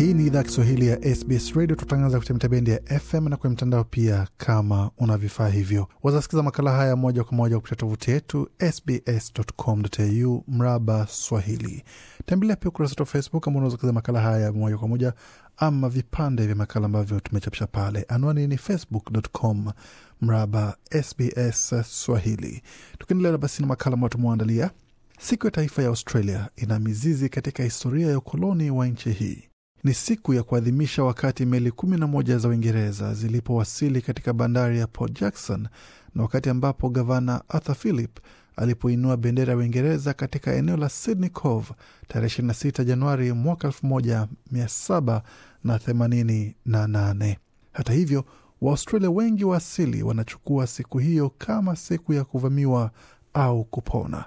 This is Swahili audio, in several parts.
hii ni idhaa Kiswahili ya SBS Radio. Tunatangaza kupitia mitabendi ya FM na kwenye mtandao pia. Kama una vifaa hivyo, wazasikiza makala haya moja kwa moja kupitia tovuti yetu sbs.com.au mraba Swahili. Tembelea pia ukurasa wetu wa Facebook ambao unaweza makala haya moja kwa moja ama vipande vya makala ambavyo tumechapisha pale. Anwani ni facebook.com mraba SBS Swahili. Tukiendelea basi na makala ambayo tumewaandalia, siku ya taifa ya Australia ina mizizi katika historia ya ukoloni wa nchi hii ni siku ya kuadhimisha wakati meli kumi na moja za Uingereza zilipowasili katika bandari ya Port Jackson na wakati ambapo gavana Arthur philip alipoinua bendera ya Uingereza katika eneo la Sydney Cove tarehe 26 Januari mwaka 1788. Hata hivyo, Waaustralia wengi wa asili wanachukua siku hiyo kama siku ya kuvamiwa au kupona.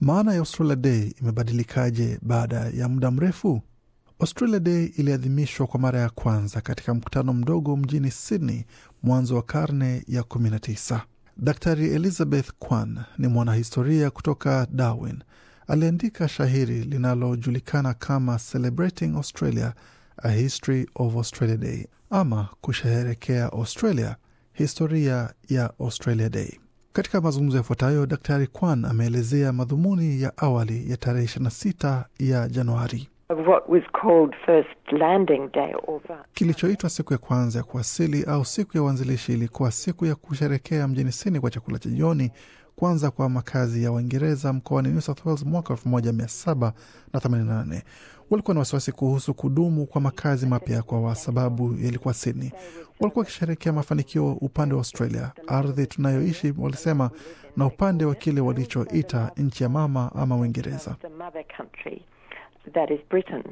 Maana ya Australia Day imebadilikaje baada ya muda mrefu? Australia Day iliadhimishwa kwa mara ya kwanza katika mkutano mdogo mjini Sydney mwanzo wa karne ya 19. Daktari Elizabeth Kwan ni mwanahistoria kutoka Darwin. Aliandika shahiri linalojulikana kama Celebrating Australia, a History of Australia Day, ama kusherehekea Australia, historia ya Australia Day. Katika mazungumzo yafuatayo, Daktari Kwan ameelezea madhumuni ya awali ya tarehe 26 ya Januari. Kilichoitwa siku ya kwanza ya kuwasili au siku ya uanzilishi ilikuwa siku ya kusherekea mjini Sydney kwa chakula cha jioni kwanza kwa makazi ya Waingereza mkoani New South Wales mwaka 1788. Walikuwa na wasiwasi kuhusu kudumu kwa makazi mapya kwa sababu yalikuwa Sydney. Walikuwa wakisherekea mafanikio upande wa Australia, ardhi tunayoishi walisema, na upande wa kile walichoita nchi ya mama ama Uingereza that is Britain.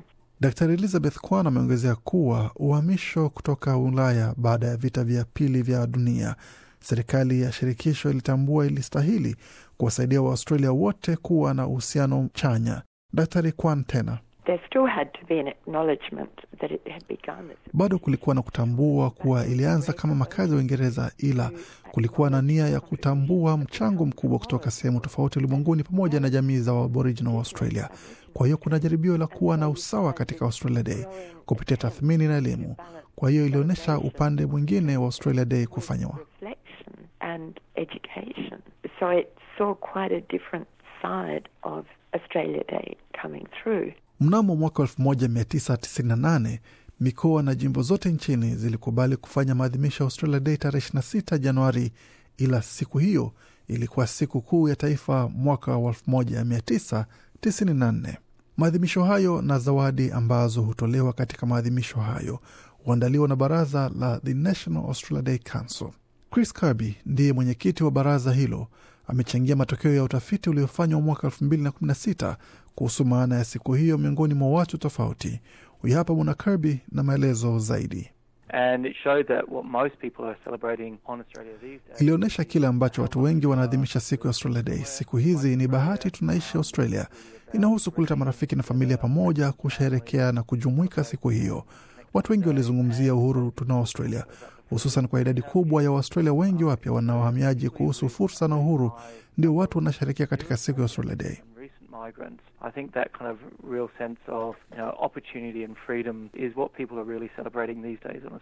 Elizabeth Kwan ameongezea kuwa uhamisho kutoka Ulaya baada ya vita vya pili vya dunia, serikali ya shirikisho ilitambua ilistahili kuwasaidia Waaustralia wote kuwa na uhusiano chanya. Dr Kwan tena bado kulikuwa na kutambua kuwa ilianza kama makazi ya Uingereza, ila kulikuwa na nia ya kutambua mchango mkubwa kutoka sehemu tofauti ulimwenguni pamoja na jamii za Aboriginal wa Australia. Kwa hiyo kuna jaribio la kuwa na usawa katika Australia Day kupitia tathmini na elimu. Kwa hiyo ilionyesha upande mwingine wa Australia Day kufanywa. Mnamo mwaka 1998 mikoa na jimbo zote nchini zilikubali kufanya maadhimisho ya Australia Day tarehe 26 Januari, ila siku hiyo ilikuwa siku kuu ya taifa mwaka wa 1994. Maadhimisho hayo na zawadi ambazo hutolewa katika maadhimisho hayo huandaliwa na baraza la The National Australia Day Council. Chris Kirby ndiye mwenyekiti wa baraza hilo amechangia matokeo ya utafiti uliofanywa mwaka 2016 kuhusu maana ya siku hiyo miongoni mwa watu tofauti. Huyu hapa Bwana Kirby na maelezo zaidi. Ilionyesha kile ambacho watu wengi wanaadhimisha siku ya Australia Day. Siku hizi ni bahati tunaishi Australia, inahusu kuleta marafiki na familia pamoja, kusherekea na kujumuika siku hiyo. Watu wengi walizungumzia uhuru tunao Australia hususan kwa idadi kubwa ya Waaustralia wengi wapya wanaohamiaji kuhusu fursa na uhuru ndio watu wanasherekea katika siku ya Australia Day.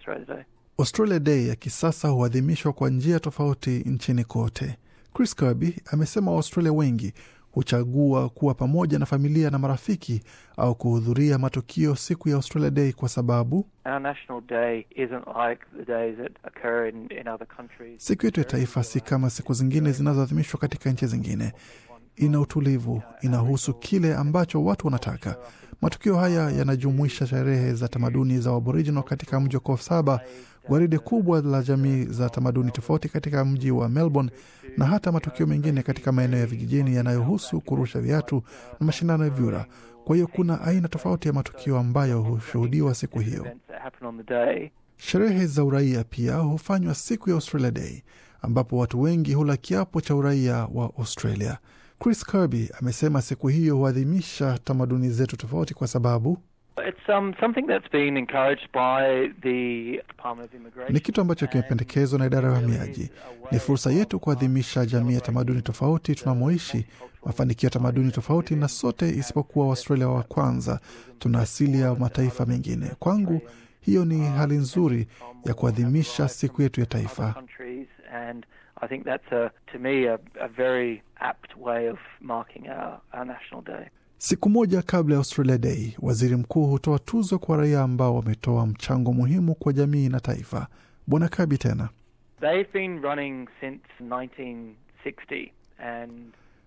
Australia Day. Australia Day ya kisasa huadhimishwa kwa njia tofauti nchini kote. Chris Kirby amesema Waaustralia wengi huchagua kuwa pamoja na familia na marafiki au kuhudhuria matukio siku ya Australia Day kwa sababu siku yetu ya taifa si kama siku zingine zinazoadhimishwa katika nchi zingine. Ina utulivu, inahusu kile ambacho watu wanataka. Matukio haya yanajumuisha sherehe za tamaduni za Aboriginal katika mji wa Coffs Harbour gwaride kubwa la jamii za tamaduni tofauti katika mji wa Melbourne na hata matukio mengine katika maeneo ya vijijini yanayohusu kurusha viatu na mashindano ya vyura. Kwa hiyo kuna aina tofauti ya matukio ambayo hushuhudiwa siku hiyo. Sherehe za uraia pia hufanywa siku ya Australia Day, ambapo watu wengi hula kiapo cha uraia wa Australia. Chris Kirby amesema siku hiyo huadhimisha tamaduni zetu tofauti kwa sababu It's, um, something that's been encouraged by the Department of Immigration. Ni kitu ambacho kimependekezwa na idara ya uhamiaji. Ni fursa yetu kuadhimisha jamii ya tamaduni tofauti tunamoishi, mafanikio ya tamaduni tofauti, na sote isipokuwa Waustralia wa kwanza tuna asili ya mataifa mengine. Kwangu hiyo ni um, hali nzuri ya kuadhimisha siku yetu ya taifa. I think that's a, to me a, a very apt way of marking our, our national day. Siku moja kabla ya Australia Day, waziri mkuu hutoa tuzo kwa raia ambao wametoa mchango muhimu kwa jamii na taifa. Bwana Kabi tena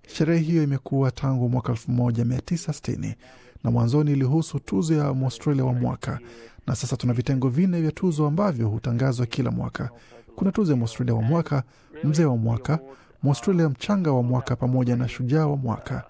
sherehe hiyo imekuwa tangu mwaka 1960 na mwanzoni ilihusu tuzo ya Mwaustralia wa mwaka, na sasa tuna vitengo vinne vya tuzo ambavyo hutangazwa kila mwaka. Kuna tuzo ya Mwaustralia wa mwaka, mzee wa mwaka, Mwaustralia mchanga wa mwaka pamoja na shujaa wa mwaka.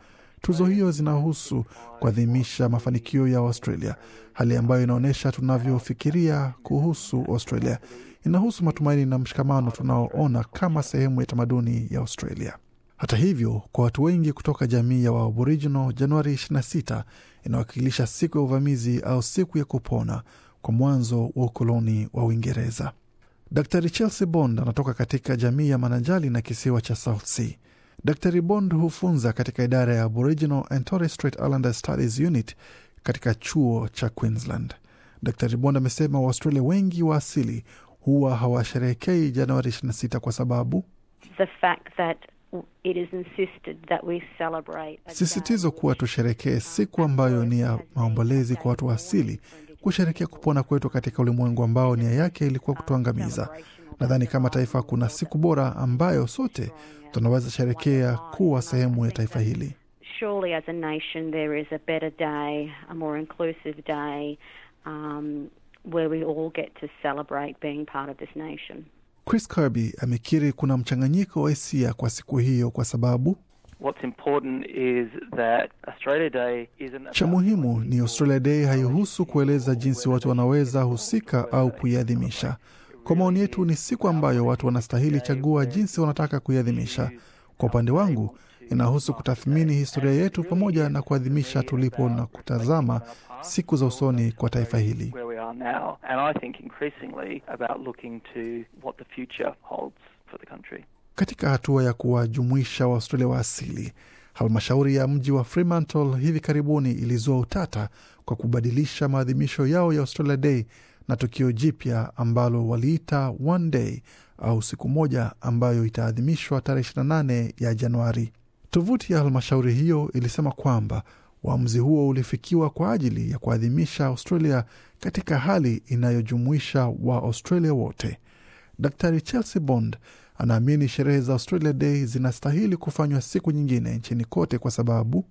Tuzo hiyo zinahusu kuadhimisha mafanikio ya Australia, hali ambayo inaonyesha tunavyofikiria kuhusu Australia. Inahusu matumaini na mshikamano tunaoona kama sehemu ya tamaduni ya Australia. Hata hivyo, kwa watu wengi kutoka jamii ya Waaboriginal, Januari 26 inawakilisha siku ya uvamizi au siku ya kupona kwa mwanzo wa ukoloni wa Uingereza. Dr Chelsea Bond anatoka katika jamii ya Manajali na kisiwa cha South Sea. Dr. Bond hufunza katika idara ya Aboriginal and Torres Strait Islander Studies Unit katika chuo cha Queensland. Dr. Bond amesema Waaustralia wengi wa asili huwa hawasherehekei Januari 26 kwa sababu The fact that it is insisted that we celebrate sisitizo kuwa tusherekee siku ambayo ni ya maombolezi kwa watu wa asili, kusherekea kupona kwetu katika ulimwengu ambao nia yake ilikuwa kutuangamiza. Nadhani kama taifa, kuna siku bora ambayo sote tunaweza sherekea kuwa sehemu ya taifa hili. Um, Chris Kirby amekiri kuna mchanganyiko wa hisia kwa siku hiyo kwa sababu cha muhimu ni Australia Day haihusu kueleza jinsi watu wanaweza husika au kuiadhimisha. Kwa maoni yetu, ni siku ambayo watu wanastahili chagua jinsi wanataka kuiadhimisha. Kwa upande wangu, inahusu kutathmini historia yetu pamoja na kuadhimisha tulipo na kutazama siku za usoni kwa taifa hili. Katika hatua ya kuwajumuisha Waaustralia wa asili, halmashauri ya mji wa Fremantle hivi karibuni ilizua utata kwa kubadilisha maadhimisho yao ya Australia Day na tukio jipya ambalo waliita one day au siku moja ambayo itaadhimishwa tarehe 28 ya Januari. Tovuti ya halmashauri hiyo ilisema kwamba uamuzi huo ulifikiwa kwa ajili ya kuadhimisha Australia katika hali inayojumuisha wa Australia wote. Dr Chelsea Bond anaamini sherehe za Australia Day zinastahili kufanywa siku nyingine nchini kote kwa sababu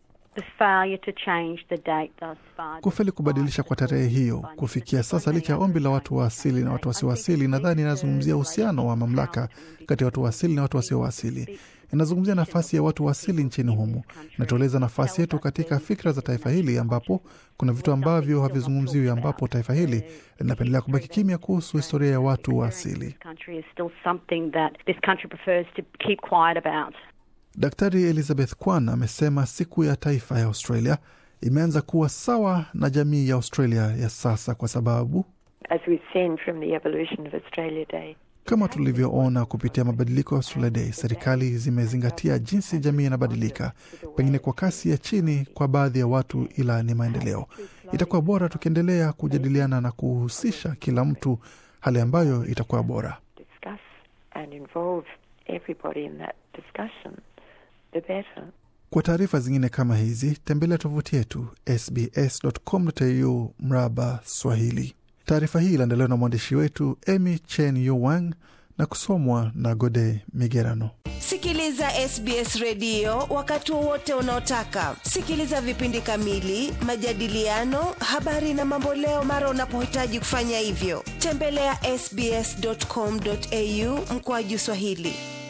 Kufeli kubadilisha kwa tarehe hiyo kufikia sasa, licha ya ombi la watu wa asili na watu wasioasili, nadhani inazungumzia uhusiano wa mamlaka kati ya watu wa asili na watu wasioasili. Inazungumzia nafasi ya watu wa asili nchini humu, inatueleza nafasi yetu katika fikra za taifa hili, ambapo kuna vitu ambavyo havizungumziwi, ambapo taifa hili linapendelea kubaki kimya kuhusu historia ya watu wa asili. Daktari Elizabeth Kwan amesema siku ya taifa ya Australia imeanza kuwa sawa na jamii ya Australia ya sasa kwa sababu As we've seen from the evolution of Australia Day. Kama tulivyoona kupitia mabadiliko ya Australia Day, serikali zimezingatia jinsi jamii inabadilika, pengine kwa kasi ya chini kwa baadhi ya watu, ila ni maendeleo. Itakuwa bora tukiendelea kujadiliana na kuhusisha kila mtu, hali ambayo itakuwa bora the better. Kwa taarifa zingine kama hizi tembelea tovuti yetu sbs.com.au mraba Swahili. Taarifa hii iliandaliwa na mwandishi wetu Emy Chen Yuwang na kusomwa na Gode Migerano. Sikiliza SBS redio wakati wowote unaotaka. Sikiliza vipindi kamili, majadiliano, habari na mamboleo mara unapohitaji kufanya hivyo. Tembelea ya sbs.com.au mkoaji Swahili.